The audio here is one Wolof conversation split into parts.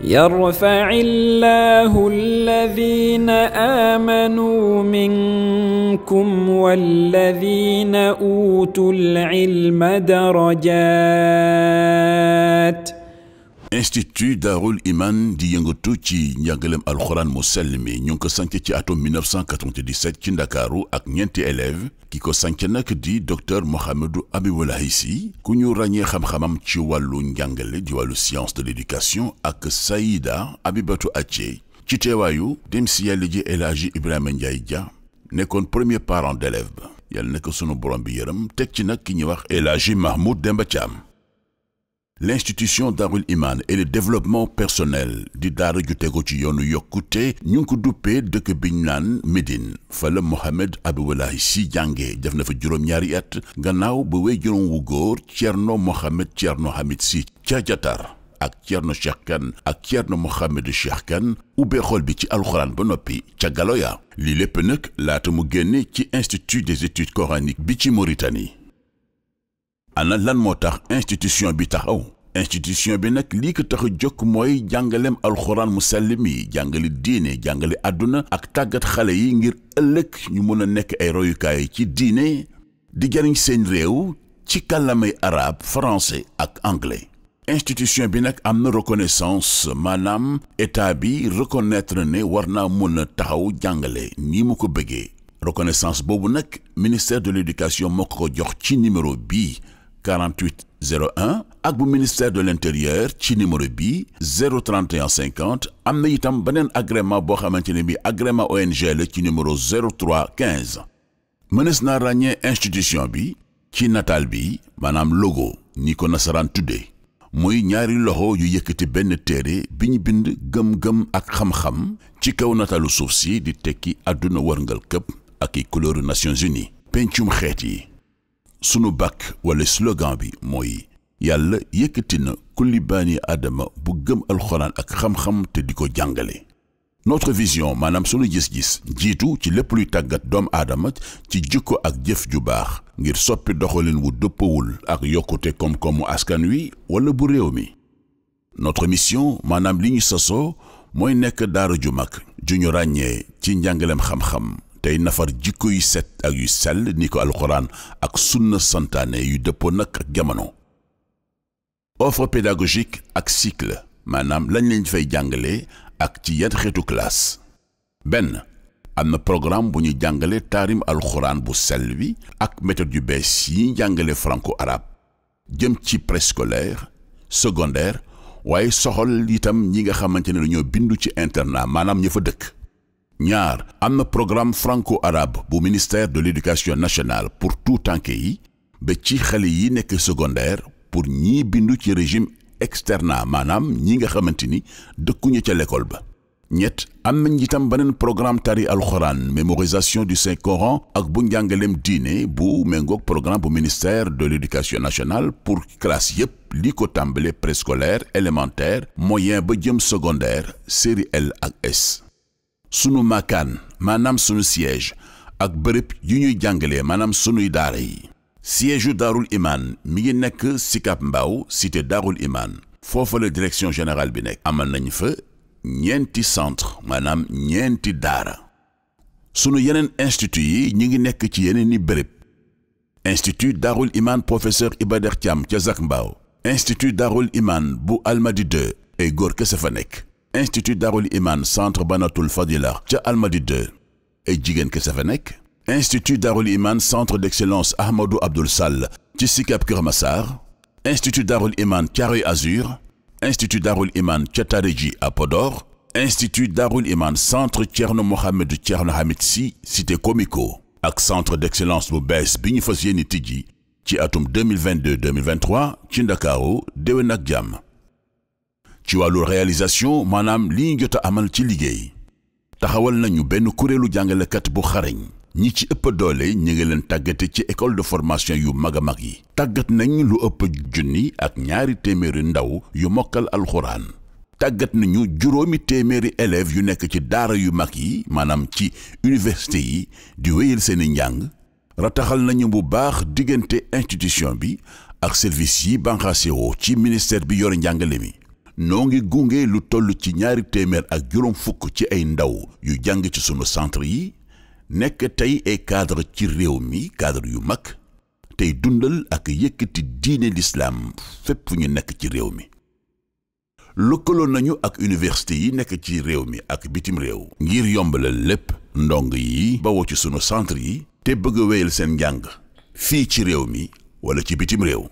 يرفع الله الذين آمنوا منكم والذين أوتوا العلم درجات ۖ institut daarul iman di yëngatu ci njàngaleem alxuraan mu sell mi ñu ngi ko sanc ci atum 1997 ci ndakaaru ak ñeenti élève ki ko sanc nag di docteur Mohamedou Abiboulaye Sy ku ñu ràññee xamxamam ci wàllu njàngale di wàllu science de l'éducation ak Saïda Abibatu Acce ci teewaayu dem si yàlla ji El Hadji Ibrahima Ndiaye Dia nekkoon premier parent d'élève ba yàlla na ko sunu borom bi yërëm teg ci nag ki ñuy wax El Hadji Mahmoud Demba Thiam l'institution Darul Iman et le développement personnel di daara ju tegu ci yoonu yokkute ñu ngi ko duppee dëkk bi ñu naan Médine fala la Mohamed si jàngee def na fa juróom-ñaari at gannaaw ba wey juróom wu góor Thierno Mohamed Thierno Hamid si ca Jatar ak Thierno Cheikh kan ak Thierno Mohamed Cheikh kan ubbee xol bi ci alxuraan ba noppi ca Galoya lii lépp nag laata mu génne ci institut des études coraniques bi ci Mauritanie. ana lan moo tax institution bi taxaw institution bi nag lii ko tax a mooy jàngaleem alxuraan mu sell mi jàngale diine jàngale àdduna ak tàggat xale yi ngir ëllëg ñu mën a nekk ay royukaay ci diine di jariñ seen réew ci kàllamay arabe français ak anglais institution bi nag am na reconnaissance maanaam état bi reconnaître ne war naa mën a taxaw jàngale nii mu ko bëggee reconnaissance boobu nag ministère de l'éducation moo ko jox ci numéro bii 48 01 ak bu ministère de l'intérieur ci numéro bi 031 50 am na itam beneen agrément boo xamante ne bi agrément ONG ci numéro 03 15 mënees naa ràññee institution bi ci nataal bi maanaam logo ni ko nasaraan tuddee muy ñaari loxo yu yëkkati benn téere bi ñu bind gëm-gëm ak xam-xam ci kaw nataalu suuf si di tekki àdduna wërngal këpp ak i couleur Nations Unies pencum xeet yi sunu bàkk wala slogan bi mooy yàlla yëkkati na kulli baani aadama bu gëm alxuraan ak xam-xam te di ko jàngale notre vision maanaam sunu gis-gis njiitu ci lépp luy tàggat doom aadama ci jikko ak jëf ju baax ngir soppi doxalin wu dëppawul ak yokkute koom-koomu askan wi wala bu réew mi notre mission maanaam li ñu sasoo mooy nekk daara ju mag ju ñu ràññee ci njàngalem xam-xam tey nafar jikko yu set ak yu sell ni ko alxuraan ak sunna santaane yu dëppoo nag ak jamono. offre pédagogique ak cycle maanaam lañ leen fay jàngale ak ci yan xeetu classe. benn am na programme bu ñuy jàngale taarim alxuraan bu sel bi ak méthode yu bees yi ñu jàngale franco arabe jëm ci préscolaire secondaire waaye soxal itam ñi nga xamante ne dañoo bindu ci internat maanaam ña fa dëkk. ñaar am na programme franco-arabe bu ministère de l'éducation nationale pour tout tànke yi ba ci xale yi nekk secondaire pour ñii bindu ci régime externat maanaam ñi nga xamante ni dëkkuñu ca l'école ba ñett am nañ itam beneen programme tari alxuraan mémorisation du saint coran ak bu njàngaleem diine bu méngoog programme bu ministère de l'éducation nationale pour classe yépp li ko tàmbale préscolaire élémentaire moyen ba jëm secondaire série L ak S sunu makaan maanaam sunu siège ak bërëb yu ñuy jàngalee maanaam sunuy daara yi siège u daarul imaan mi ngi nekk Sicap Mbao cité daarul imaan foofa la direction général bi nekk amal nañ fa ñeenti centre maanaam ñeenti daara sunu yeneen institut yi ñu ngi nekk ci yeneen i bërëb institut daarul imaan professeur Iba Der Thiam ca Zac Mbao institut daarul imaan bu Almadi 2 ay góor kese fa nekk institut darul iman centre banatul fadila ca almadi 2 ay jigéen ke safa nekk institut darul iman centre d'excellence ahmadou abdoul sall ci sikap kër massar institut darul iman thiaroye azur institut darul iman ca tareji à podor institut darul iman centre thierno mohamed thierno hamid si cité comico ak centre d'excellence bu bees bi ñu fas yéeni tijji ci atum 2022 2023 ci ndakaaru déwén ak jàmm ci wàllu réalisation maanaam li ñu jot a amal ci liggéey taxawal nañu benn kuréelu jàngalekat bu xarañ ñi ci ëpp doole ñi ngi leen tàggate ci école de formation yu mag a mag yi tàggat nañ lu ëpp junni ak ñaari téeméeri ndaw yu mokkal alxuraan tàggat nañu juróomi téeméeri élèves yu nekk ci daara yu mag yi maanaam ci université yi di wéyal seeni njàng rataxal nañu bu baax diggante institution bi ak service yi banqaasewoo ci ministère bi yor njàngale mi noo ngi gunge lu toll ci ñaari téeméer ak juróom fukk ci ay ndaw yu jàng ci sunu centre yi nekk tey ay cadre ci réew mi cadre yu mag tey dundal ak yëkkati diine lislaam fépp ñu nekk ci réew mi lëkkaloo nañu ak université yi nekk ci réew mi ak bitim réew ngir yombalal lépp ndong yi bawoo ci sunu centre yi te bëgg a seen njàng fii ci réew mi wala ci bitim réew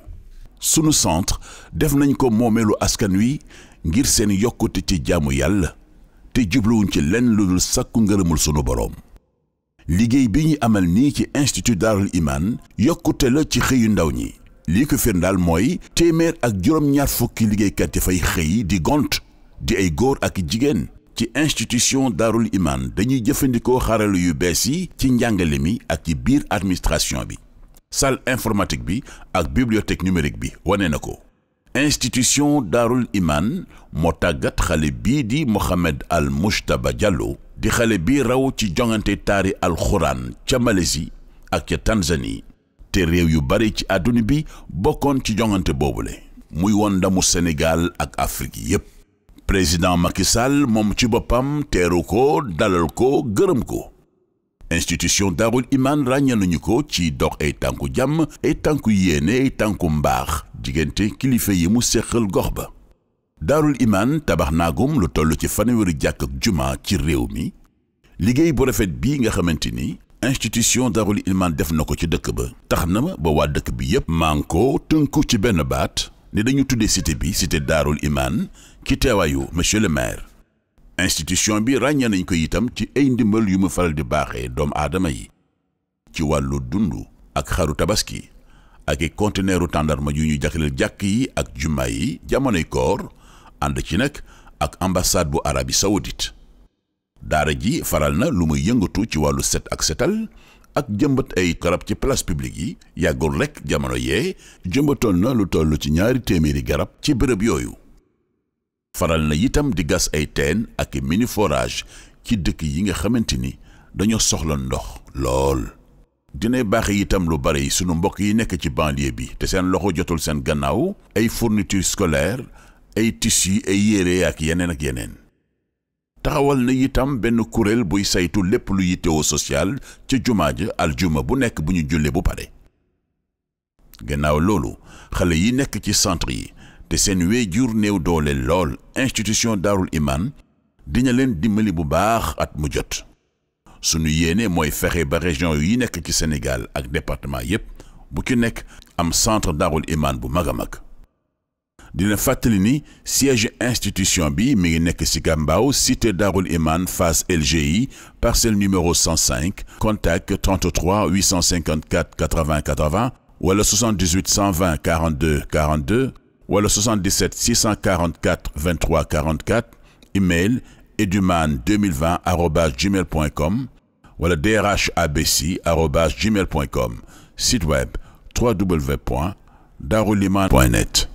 sunu centre def nañ ko moomeelu askan wi ngir seen yokkute ci jaamu yàlla te jubluwuñ ci lenn lu dul sàkku ngërëmul sunu boroom liggéey bi ñu amal nii ci institut daarul imaan yokkute la ci xëyu ndaw ñi lii ko firndaal mooy téeméer ak juróom-ñaar fukki liggéeykat yi fay xëy di gont di ay góor ak jigéen ci institution daarul imaan dañuy jëfandikoo xarala yu bees yi ci njàngale mi ak ci biir administration bi salle informatique bi ak bibliothèque numérique bi wane na ko institution daarul imaan moo tàggat xale bii di Mohamed Al Moujtaba Diallo di xale bi raw ci jongante taari alxuraan ca Malaisie ak ca Tanzanie te réew yu bari ci àdduna bi bokkoon ci jongante boobule muy woon ndamu Sénégal ak Afrique yépp président Macky Sall moom ci boppam teeru ko dalal ko gërëm ko institution daarul imaan ràññee nañu ko ci dox ay tànku jàmm ay tànku yéene ay tànku mbaax diggante kilifa yi mu séqal gox ba daarul imaan tabax naagum lu toll ci fanweeri jàkk ak juma ci réew mi liggéey bu rafet bii nga xamante ni institution daarul imaan def na ko ci dëkk ba tax na ba waa dëkk bi yépp mànkoo tënku ci benn baat ne dañu tuddee cité bi cité daarul imaan ki teewaayu monsieur le maire institution bi ràññee nañ ko itam ci ay ndimbal yu mu faral di baaxee doom aadama yi ci wàllu dund ak xaru tabaski ak i tàndarma yu ñu jagleel jàkk yi ak jumaa yi jamonoy koor ànd ci nag ak ambassade bu Arabie Saoudite daara ji faral na lu muy yëngatu ci wàllu set ak setal ak jëmbat ay garab ci place publique yi yàggul rekk jamono yee jëmbatoon na lu toll ci ñaari téeméeri garab ci bërëb yooyu faral na itam di gas ay teen ak mini forage ci dëkk yi nga xamante ni dañoo soxla ndox lool. dinay baaxe itam lu bari sunu mbokk yi nekk ci banlieue bi te seen loxo jotul seen gannaaw ay fourniture scolaire ay tissus ay yére ak yeneen ak yeneen. taxawal na itam benn kuréel buy saytu lépp lu yittewoo social ca jumaa ja aljuma bu nekk bu ñu jullee bu pare. gannaaw loolu xale yi nekk ci centre yi de seen wéyjur néew doole lool institution daarul imaan dina leen dimbali bu baax at mu jot sunu yéene mooy fexe ba région yu nekk ci Sénégal ak département yépp bu ci nekk am centre daarul imaan bu mag a mag dina fàttali ni siège institution bi mi ngi nekk Sicap Mbao cité Darul Iman face LGI parcelle numéro 105 contact 33 854 80 80 wala 78 120 42 42 wala 77 644 23 44 email eduman 2020 arobase gmail point com wala drh abc arobase gmail point com site web www.daruliman point net